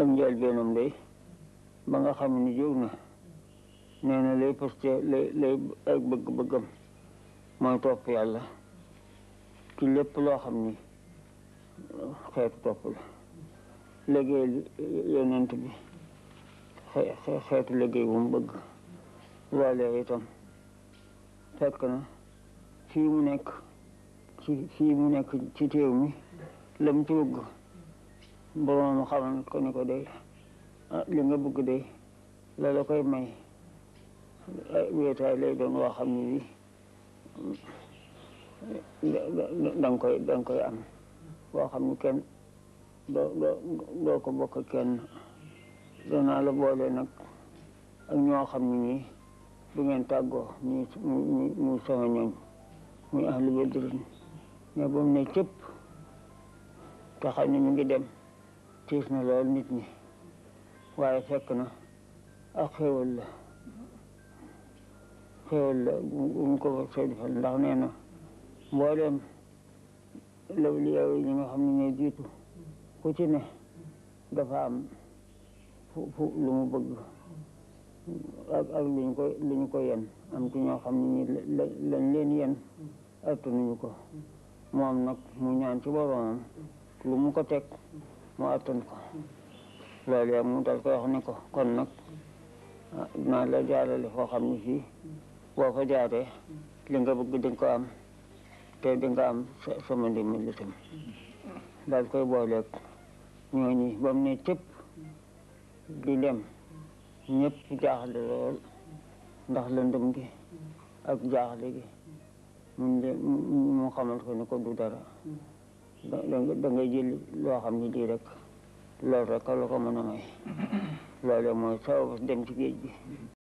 am njaal beenam day ba nga xam ni jóg na nee na lay poste lay lay ak bëgg-bëggam mooy topp yàlla ki lépp loo xam ni xeetu topp la liggéey yonent bi xeetu liggéey bu mu bëgg loolee itam fekk na fii mu nekk ci fii nekk ci teew mi lam ci bëgg boroomam xamal ko ni ko day ah li nga bëgg day la la koy may wéetaay lay doon woo xam ne bii danga koy danga koy am boo xam ne kenn doo doo doo ko bokk kenn danaa la boole nag ak ñoo xam ne nii du ngeen tàggoo muy muy muy sama ñooñ muy ahlu badrin mais ba mu ne cëpp mu ngi dem شيخنا لعلمتني وعلى شكنا أخير الله خير الله ونكبر سيد فلنغنينا مولم لو لي أولينا خمين يجيتو كتنا دفع فوق لمبقى ak ak li ñu ko li ñu ko yen am ci ñoo xam ne nii lañ leen mu attun ko léegi mu dal koy wax ni ko kon nag ah, naa la jaarale foo xam ne fii boo fa jaaree li nga bëgg di ko am te di nga am sama ndimbal itam daal koy booleeg ñooñu ba mu ne cëpp di dem ñëpp jaaxle lool ndax lëndëm gi ak jaaxle gi mu xamal ko ni ko du dara da ngay jël loo xam ne lii rek loolu rek la ko mën a may loolu mooy sabab dem ci géej gi